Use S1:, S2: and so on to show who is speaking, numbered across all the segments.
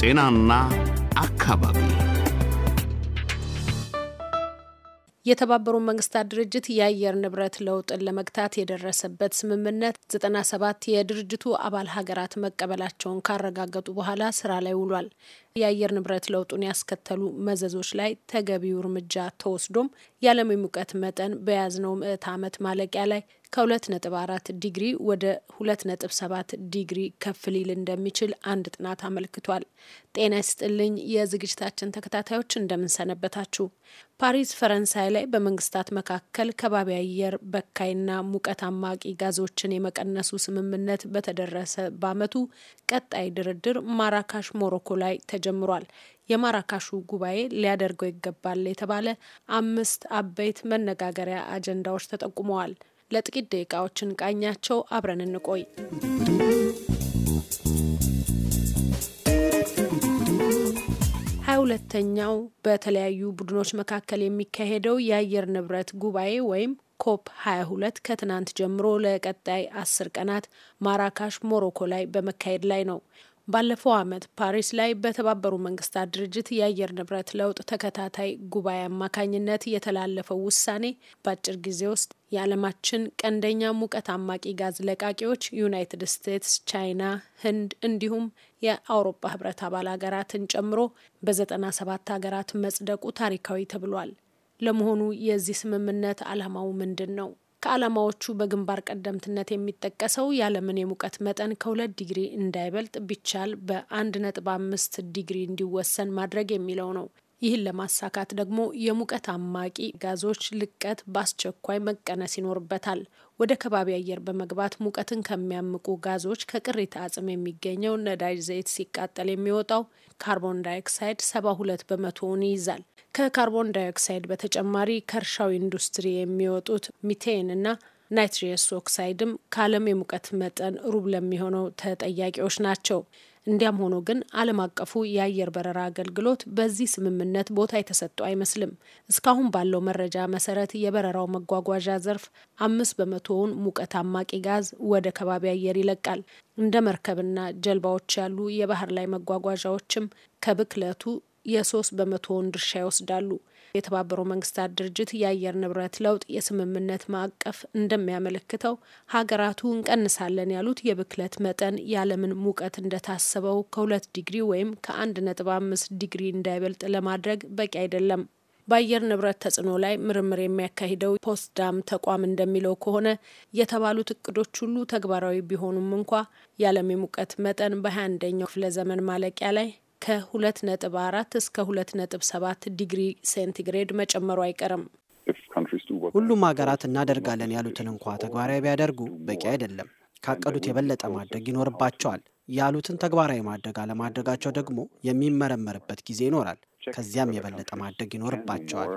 S1: ጤናና አካባቢ የተባበሩት መንግስታት ድርጅት የአየር ንብረት ለውጥን ለመግታት የደረሰበት ስምምነት 97 የድርጅቱ አባል ሀገራት መቀበላቸውን ካረጋገጡ በኋላ ስራ ላይ ውሏል። የአየር ንብረት ለውጡን ያስከተሉ መዘዞች ላይ ተገቢው እርምጃ ተወስዶም የዓለም የሙቀት መጠን በያዝነው ምዕት ዓመት ማለቂያ ላይ ከ2.4 ዲግሪ ወደ 2.7 ዲግሪ ከፍ ሊል እንደሚችል አንድ ጥናት አመልክቷል። ጤና ይስጥልኝ የዝግጅታችን ተከታታዮች እንደምንሰነበታችሁ። ፓሪስ ፈረንሳይ ላይ በመንግስታት መካከል ከባቢ አየር በካይና ሙቀት አማቂ ጋዞችን የመቀነሱ ስምምነት በተደረሰ በአመቱ ቀጣይ ድርድር ማራካሽ ሞሮኮ ላይ ተጀምሯል። የማራካሹ ጉባኤ ሊያደርገው ይገባል የተባለ አምስት አበይት መነጋገሪያ አጀንዳዎች ተጠቁመዋል። ለጥቂት ደቂቃዎች እንቃኛቸው። አብረን እንቆይ። ሁለተኛው በተለያዩ ቡድኖች መካከል የሚካሄደው የአየር ንብረት ጉባኤ ወይም ኮፕ 22 ከትናንት ጀምሮ ለቀጣይ አስር ቀናት ማራካሽ ሞሮኮ ላይ በመካሄድ ላይ ነው። ባለፈው ዓመት ፓሪስ ላይ በተባበሩ መንግስታት ድርጅት የአየር ንብረት ለውጥ ተከታታይ ጉባኤ አማካኝነት የተላለፈው ውሳኔ በአጭር ጊዜ ውስጥ የዓለማችን ቀንደኛ ሙቀት አማቂ ጋዝ ለቃቂዎች ዩናይትድ ስቴትስ፣ ቻይና፣ ህንድ እንዲሁም የአውሮፓ ህብረት አባል ሀገራትን ጨምሮ በ97 ሀገራት መጽደቁ ታሪካዊ ተብሏል። ለመሆኑ የዚህ ስምምነት ዓላማው ምንድን ነው? ከዓላማዎቹ በግንባር ቀደምትነት የሚጠቀሰው የዓለምን የሙቀት መጠን ከሁለት ዲግሪ እንዳይበልጥ ቢቻል በአንድ ነጥብ አምስት ዲግሪ እንዲወሰን ማድረግ የሚለው ነው ይህን ለማሳካት ደግሞ የሙቀት አማቂ ጋዞች ልቀት በአስቸኳይ መቀነስ ይኖርበታል። ወደ ከባቢ አየር በመግባት ሙቀትን ከሚያምቁ ጋዞች ከቅሪተ አጽም የሚገኘው ነዳጅ ዘይት ሲቃጠል የሚወጣው ካርቦን ዳይኦክሳይድ ሰባ ሁለት በመቶውን ይይዛል። ከካርቦን ዳይኦክሳይድ በተጨማሪ ከእርሻው ኢንዱስትሪ የሚወጡት ሚቴን እና ናይትሪየስ ኦክሳይድም ከዓለም የሙቀት መጠን ሩብ ለሚሆነው ተጠያቂዎች ናቸው። እንዲያም ሆኖ ግን ዓለም አቀፉ የአየር በረራ አገልግሎት በዚህ ስምምነት ቦታ የተሰጠው አይመስልም። እስካሁን ባለው መረጃ መሰረት የበረራው መጓጓዣ ዘርፍ አምስት በመቶውን ሙቀት አማቂ ጋዝ ወደ ከባቢ አየር ይለቃል። እንደ መርከብና ጀልባዎች ያሉ የባህር ላይ መጓጓዣዎችም ከብክለቱ የሶስት በመቶውን ድርሻ ይወስዳሉ። የተባበረው መንግስታት ድርጅት የአየር ንብረት ለውጥ የስምምነት ማዕቀፍ እንደሚያመለክተው ሀገራቱ እንቀንሳለን ያሉት የብክለት መጠን የዓለምን ሙቀት እንደታሰበው ከሁለት ዲግሪ ወይም ከአንድ ነጥብ አምስት ዲግሪ እንዳይበልጥ ለማድረግ በቂ አይደለም። በአየር ንብረት ተጽዕኖ ላይ ምርምር የሚያካሂደው ፖስዳም ተቋም እንደሚለው ከሆነ የተባሉት እቅዶች ሁሉ ተግባራዊ ቢሆኑም እንኳ የዓለም የሙቀት መጠን በ21ኛው ክፍለ ዘመን ማለቂያ ላይ ከ2.4 እስከ 2.7 ዲግሪ ሴንቲግሬድ መጨመሩ አይቀርም።
S2: ሁሉም ሀገራት እናደርጋለን ያሉትን እንኳ ተግባራዊ ቢያደርጉ በቂ አይደለም። ካቀዱት የበለጠ ማድረግ ይኖርባቸዋል። ያሉትን ተግባራዊ ማድረግ አለማድረጋቸው ደግሞ የሚመረመርበት ጊዜ ይኖራል። ከዚያም የበለጠ ማድረግ ይኖርባቸዋል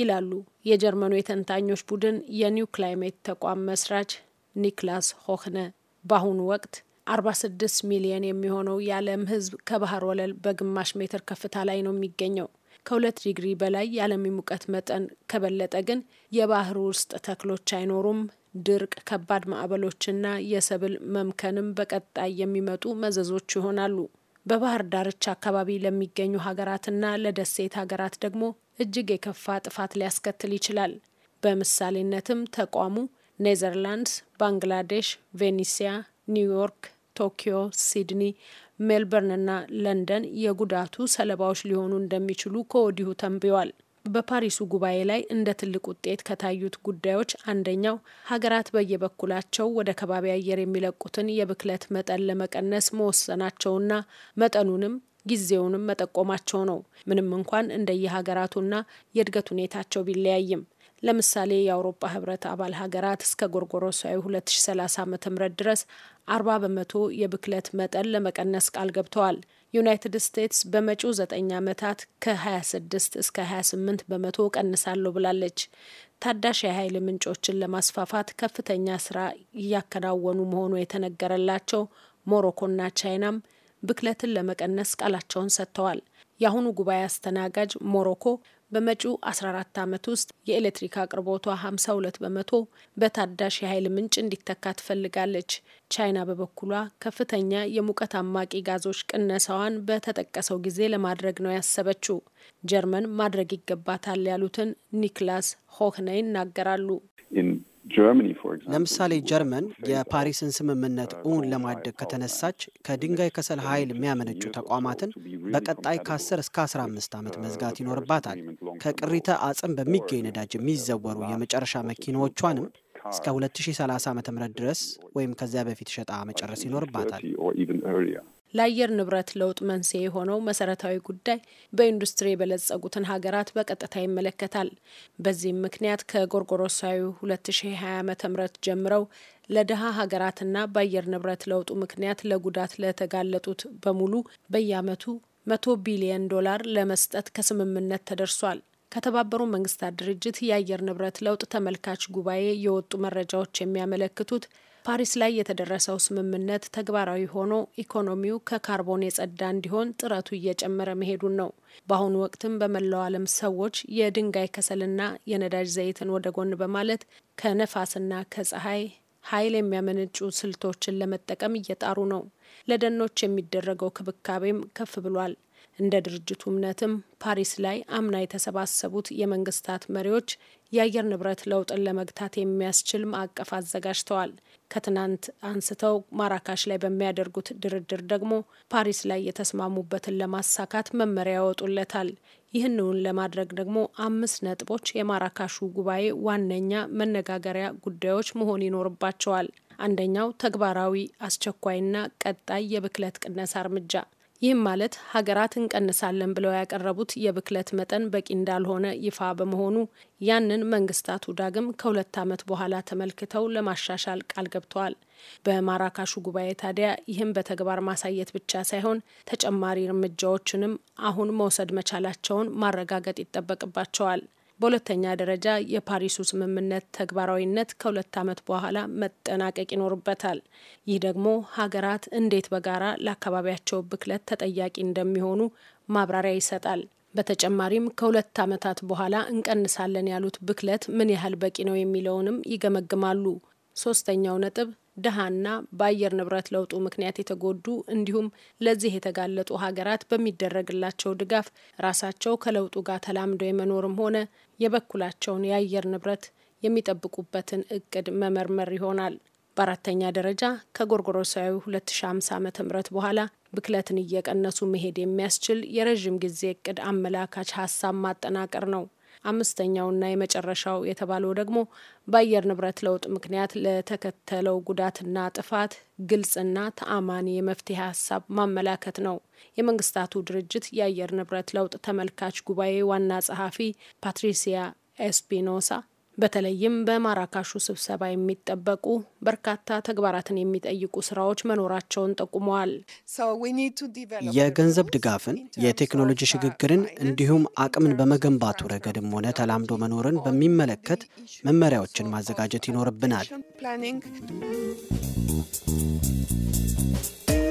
S1: ይላሉ የጀርመኑ የተንታኞች ቡድን የኒው ክላይሜት ተቋም መስራች ኒክላስ ሆክነ በአሁኑ ወቅት 46 ሚሊየን የሚሆነው የዓለም ሕዝብ ከባህር ወለል በግማሽ ሜትር ከፍታ ላይ ነው የሚገኘው። ከሁለት ዲግሪ በላይ የዓለም ሙቀት መጠን ከበለጠ ግን የባህር ውስጥ ተክሎች አይኖሩም። ድርቅ፣ ከባድ ማዕበሎችና የሰብል መምከንም በቀጣይ የሚመጡ መዘዞች ይሆናሉ። በባህር ዳርቻ አካባቢ ለሚገኙ ሀገራትና ለደሴት ሀገራት ደግሞ እጅግ የከፋ ጥፋት ሊያስከትል ይችላል። በምሳሌነትም ተቋሙ ኔዘርላንድስ፣ ባንግላዴሽ፣ ቬኒሲያ፣ ኒውዮርክ ቶኪዮ፣ ሲድኒ፣ ሜልበርን እና ለንደን የጉዳቱ ሰለባዎች ሊሆኑ እንደሚችሉ ከወዲሁ ተንብዋል። በፓሪሱ ጉባኤ ላይ እንደ ትልቅ ውጤት ከታዩት ጉዳዮች አንደኛው ሀገራት በየበኩላቸው ወደ ከባቢ አየር የሚለቁትን የብክለት መጠን ለመቀነስ መወሰናቸውና መጠኑንም ጊዜውንም መጠቆማቸው ነው። ምንም እንኳን እንደየሀገራቱና የእድገት ሁኔታቸው ቢለያይም ለምሳሌ የአውሮፓ ህብረት አባል ሀገራት እስከ ጎርጎሮሳዊ 2030 ዓ ም ድረስ 40 በመቶ የብክለት መጠን ለመቀነስ ቃል ገብተዋል። ዩናይትድ ስቴትስ በመጪው 9 ዓመታት ከ26 እስከ 28 በመቶ ቀንሳለሁ ብላለች። ታዳሽ የኃይል ምንጮችን ለማስፋፋት ከፍተኛ ስራ እያከናወኑ መሆኑ የተነገረላቸው ሞሮኮና ቻይናም ብክለትን ለመቀነስ ቃላቸውን ሰጥተዋል። የአሁኑ ጉባኤ አስተናጋጅ ሞሮኮ በመጪው 14 ዓመት ውስጥ የኤሌክትሪክ አቅርቦቷ 52 በመቶ በታዳሽ የኃይል ምንጭ እንዲተካ ትፈልጋለች። ቻይና በበኩሏ ከፍተኛ የሙቀት አማቂ ጋዞች ቅነሳዋን በተጠቀሰው ጊዜ ለማድረግ ነው ያሰበችው። ጀርመን ማድረግ ይገባታል ያሉትን ኒክላስ ሆህነ ይናገራሉ።
S2: ለምሳሌ ጀርመን የፓሪስን ስምምነት እውን ለማድረግ ከተነሳች ከድንጋይ ከሰል ኃይል የሚያመነጩ ተቋማትን በቀጣይ ከ10 እስከ 15 ዓመት መዝጋት ይኖርባታል። ከቅሪተ አጽም በሚገኝ ነዳጅ የሚዘወሩ የመጨረሻ መኪናዎቿንም እስከ 2030 ዓ ም ድረስ ወይም ከዚያ በፊት ሸጣ መጨረስ ይኖርባታል።
S1: ለአየር ንብረት ለውጥ መንስኤ የሆነው መሰረታዊ ጉዳይ በኢንዱስትሪ የበለጸጉትን ሀገራት በቀጥታ ይመለከታል። በዚህም ምክንያት ከጎርጎሮሳዊ 2020 ዓ ም ጀምረው ለድሀ ሀገራትና በአየር ንብረት ለውጡ ምክንያት ለጉዳት ለተጋለጡት በሙሉ በየአመቱ መቶ ቢሊየን ዶላር ለመስጠት ከስምምነት ተደርሷል። ከተባበሩ መንግስታት ድርጅት የአየር ንብረት ለውጥ ተመልካች ጉባኤ የወጡ መረጃዎች የሚያመለክቱት ፓሪስ ላይ የተደረሰው ስምምነት ተግባራዊ ሆኖ ኢኮኖሚው ከካርቦን የጸዳ እንዲሆን ጥረቱ እየጨመረ መሄዱን ነው። በአሁኑ ወቅትም በመላው ዓለም ሰዎች የድንጋይ ከሰልና የነዳጅ ዘይትን ወደ ጎን በማለት ከነፋስና ከፀሐይ ኃይል የሚያመነጩ ስልቶችን ለመጠቀም እየጣሩ ነው። ለደኖች የሚደረገው ክብካቤም ከፍ ብሏል። እንደ ድርጅቱ እምነትም ፓሪስ ላይ አምና የተሰባሰቡት የመንግስታት መሪዎች የአየር ንብረት ለውጥን ለመግታት የሚያስችል ማዕቀፍ አዘጋጅተዋል። ከትናንት አንስተው ማራካሽ ላይ በሚያደርጉት ድርድር ደግሞ ፓሪስ ላይ የተስማሙበትን ለማሳካት መመሪያ ያወጡለታል። ይህንውን ለማድረግ ደግሞ አምስት ነጥቦች የማራካሹ ጉባኤ ዋነኛ መነጋገሪያ ጉዳዮች መሆን ይኖርባቸዋል። አንደኛው ተግባራዊ አስቸኳይና ቀጣይ የብክለት ቅነሳ እርምጃ ይህም ማለት ሀገራት እንቀንሳለን ብለው ያቀረቡት የብክለት መጠን በቂ እንዳልሆነ ይፋ በመሆኑ ያንን መንግስታቱ ዳግም ከሁለት ዓመት በኋላ ተመልክተው ለማሻሻል ቃል ገብተዋል። በማራካሹ ጉባኤ ታዲያ ይህም በተግባር ማሳየት ብቻ ሳይሆን ተጨማሪ እርምጃዎችንም አሁን መውሰድ መቻላቸውን ማረጋገጥ ይጠበቅባቸዋል። በሁለተኛ ደረጃ የፓሪሱ ስምምነት ተግባራዊነት ከሁለት ዓመት በኋላ መጠናቀቅ ይኖርበታል። ይህ ደግሞ ሀገራት እንዴት በጋራ ለአካባቢያቸው ብክለት ተጠያቂ እንደሚሆኑ ማብራሪያ ይሰጣል። በተጨማሪም ከሁለት ዓመታት በኋላ እንቀንሳለን ያሉት ብክለት ምን ያህል በቂ ነው የሚለውንም ይገመግማሉ። ሶስተኛው ነጥብ ድሃና በአየር ንብረት ለውጡ ምክንያት የተጎዱ እንዲሁም ለዚህ የተጋለጡ ሀገራት በሚደረግላቸው ድጋፍ ራሳቸው ከለውጡ ጋር ተላምደው የመኖርም ሆነ የበኩላቸውን የአየር ንብረት የሚጠብቁበትን እቅድ መመርመር ይሆናል። በአራተኛ ደረጃ ከጎርጎሮሳዊ 2050 ዓ ም በኋላ ብክለትን እየቀነሱ መሄድ የሚያስችል የረዥም ጊዜ እቅድ አመላካች ሀሳብ ማጠናቀር ነው። አምስተኛውና የመጨረሻው የተባለው ደግሞ በአየር ንብረት ለውጥ ምክንያት ለተከተለው ጉዳትና ጥፋት ግልጽና ተአማኒ የመፍትሄ ሀሳብ ማመላከት ነው። የመንግስታቱ ድርጅት የአየር ንብረት ለውጥ ተመልካች ጉባኤ ዋና ጸሐፊ ፓትሪሲያ ኤስፒኖሳ በተለይም በማራካሹ ስብሰባ የሚጠበቁ በርካታ ተግባራትን የሚጠይቁ ስራዎች መኖራቸውን ጠቁመዋል።
S2: የገንዘብ ድጋፍን፣ የቴክኖሎጂ uh, ሽግግርን እንዲሁም አቅምን በመገንባቱ ረገድም ሆነ ተላምዶ መኖርን በሚመለከት መመሪያዎችን ማዘጋጀት ይኖርብናል።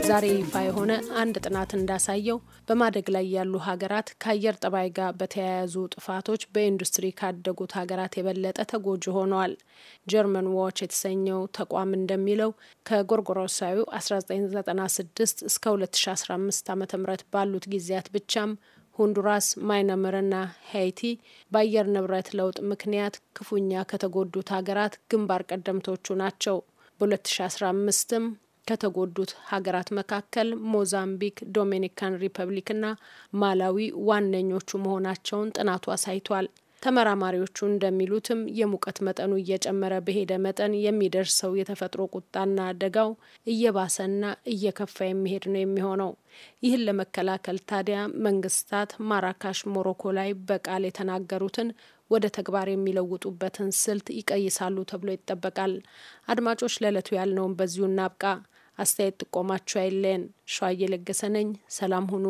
S1: ዛሬ ይፋ የሆነ አንድ ጥናት እንዳሳየው በማደግ ላይ ያሉ ሀገራት ከአየር ጠባይ ጋር በተያያዙ ጥፋቶች በኢንዱስትሪ ካደጉት ሀገራት የበለጠ ተጎጂ ሆነዋል። ጀርመን ዋች የተሰኘው ተቋም እንደሚለው ከጎርጎሮሳዊ 1996 እስከ 2015 ዓ ም ባሉት ጊዜያት ብቻም ሆንዱራስ፣ ማይነምርና ሀይቲ በአየር ንብረት ለውጥ ምክንያት ክፉኛ ከተጎዱት ሀገራት ግንባር ቀደምቶቹ ናቸው። በ2015ም ከተጎዱት ሀገራት መካከል ሞዛምቢክ፣ ዶሚኒካን ሪፐብሊክና ማላዊ ዋነኞቹ መሆናቸውን ጥናቱ አሳይቷል። ተመራማሪዎቹ እንደሚሉትም የሙቀት መጠኑ እየጨመረ በሄደ መጠን የሚደርሰው የተፈጥሮ ቁጣና አደጋው እየባሰና እየከፋ የሚሄድ ነው የሚሆነው። ይህን ለመከላከል ታዲያ መንግስታት ማራካሽ፣ ሞሮኮ ላይ በቃል የተናገሩትን ወደ ተግባር የሚለውጡበትን ስልት ይቀይሳሉ ተብሎ ይጠበቃል። አድማጮች፣ ለዕለቱ ያልነውን በዚሁ እናብቃ። አስተያየት ጥቆማችሁ አይለን ሸዋ እየለገሰ ነኝ። ሰላም ሁኑ።